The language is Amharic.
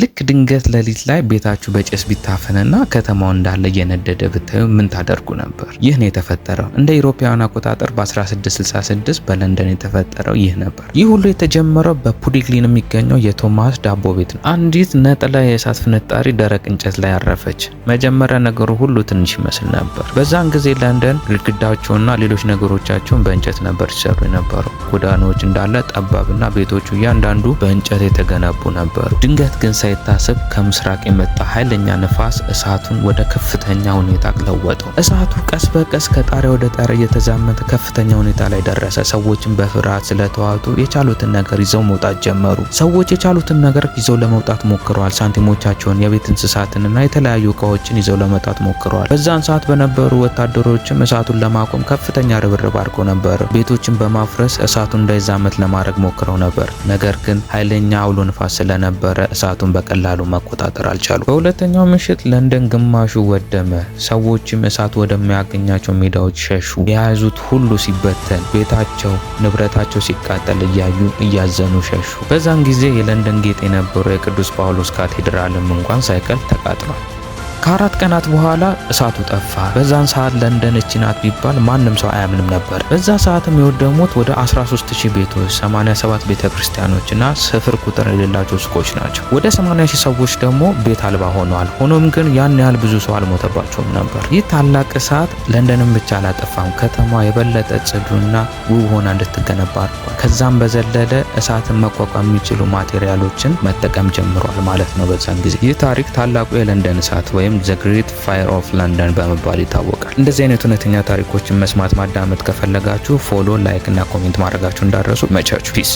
ልክ ድንገት ሌሊት ላይ ቤታችሁ በጭስ ቢታፈንና ከተማው እንዳለ እየነደደ ብታዩ ምን ታደርጉ ነበር? ይህ ነው የተፈጠረው። እንደ ኢሮፓውያን አቆጣጠር በ1666 በለንደን የተፈጠረው ይህ ነበር። ይህ ሁሉ የተጀመረው በፑዲግሊን የሚገኘው የቶማስ ዳቦ ቤት ነው። አንዲት ነጠላ የእሳት ፍንጣሪ ደረቅ እንጨት ላይ ያረፈች። መጀመሪያ ነገሩ ሁሉ ትንሽ ይመስል ነበር። በዛን ጊዜ ለንደን ግድግዳቸውና ሌሎች ነገሮቻቸውን በእንጨት ነበር ሲሰሩ የነበረው። ጎዳናዎች እንዳለ ጠባብና ቤቶቹ እያንዳንዱ በእንጨት የተገነቡ ነበሩ። ድንገት ግን ሳይታሰብ ከምስራቅ የመጣ ኃይለኛ ንፋስ እሳቱን ወደ ከፍተኛ ሁኔታ ለወጠው። እሳቱ ቀስ በቀስ ከጣሪያ ወደ ጣሪያ እየተዛመተ ከፍተኛ ሁኔታ ላይ ደረሰ። ሰዎችን በፍርሃት ስለተዋጡ የቻሉትን ነገር ይዘው መውጣት ጀመሩ። ሰዎች የቻሉትን ነገር ይዘው ለመውጣት ሞክረዋል። ሳንቲሞቻቸውን፣ የቤት እንስሳትንና የተለያዩ እቃዎችን ይዘው ለመውጣት ሞክረዋል። በዛን ሰዓት በነበሩ ወታደሮችም እሳቱን ለማቆም ከፍተኛ ርብርብ አድርገ ነበር። ቤቶችን በማፍረስ እሳቱን እንዳይዛመት ለማድረግ ሞክረው ነበር። ነገር ግን ኃይለኛ አውሎ ንፋስ ስለነበረ እሳቱ እሳቱን በቀላሉ መቆጣጠር አልቻሉ። በሁለተኛው ምሽት ለንደን ግማሹ ወደመ። ሰዎችም እሳት ወደማያገኛቸው ሜዳዎች ሸሹ። የያዙት ሁሉ ሲበተን፣ ቤታቸው ንብረታቸው ሲቃጠል እያዩ እያዘኑ ሸሹ። በዛን ጊዜ የለንደን ጌጥ የነበረው የቅዱስ ጳውሎስ ካቴድራልም እንኳን ሳይቀር ተቃጥሏል። ከአራት ቀናት በኋላ እሳቱ ጠፋ። በዛን ሰዓት ለንደን እቺ ናት ቢባል ማንም ሰው አያምንም ነበር። በዛ ሰዓትም የወደሙት ወደ 13000 ቤቶች፣ 87 ቤተ ክርስቲያኖች እና ስፍር ቁጥር የሌላቸው ሱቆች ናቸው። ወደ 80000 ሰዎች ደግሞ ቤት አልባ ሆነዋል። ሆኖም ግን ያን ያህል ብዙ ሰው አልሞተባቸውም ነበር። ይህ ታላቅ እሳት ለንደንም ብቻ አላጠፋም፣ ከተማ የበለጠ ጽዱና ውብ ሆና እንድትገነባ አድርጓል። ከዛም በዘለለ እሳትን መቋቋም የሚችሉ ማቴሪያሎችን መጠቀም ጀምሯል ማለት ነው። በዛን ጊዜ ይህ ታሪክ ታላቁ የለንደን እሳት ወይም ዘ ግሬት ፋየር ኦፍ ለንደን በመባል ይታወቃል። እንደዚህ አይነት እውነተኛ ታሪኮችን መስማት ማዳመጥ ከፈለጋችሁ ፎሎ፣ ላይክ እና ኮሜንት ማድረጋችሁ እንዳደረሱ መቻችሁ ፒስ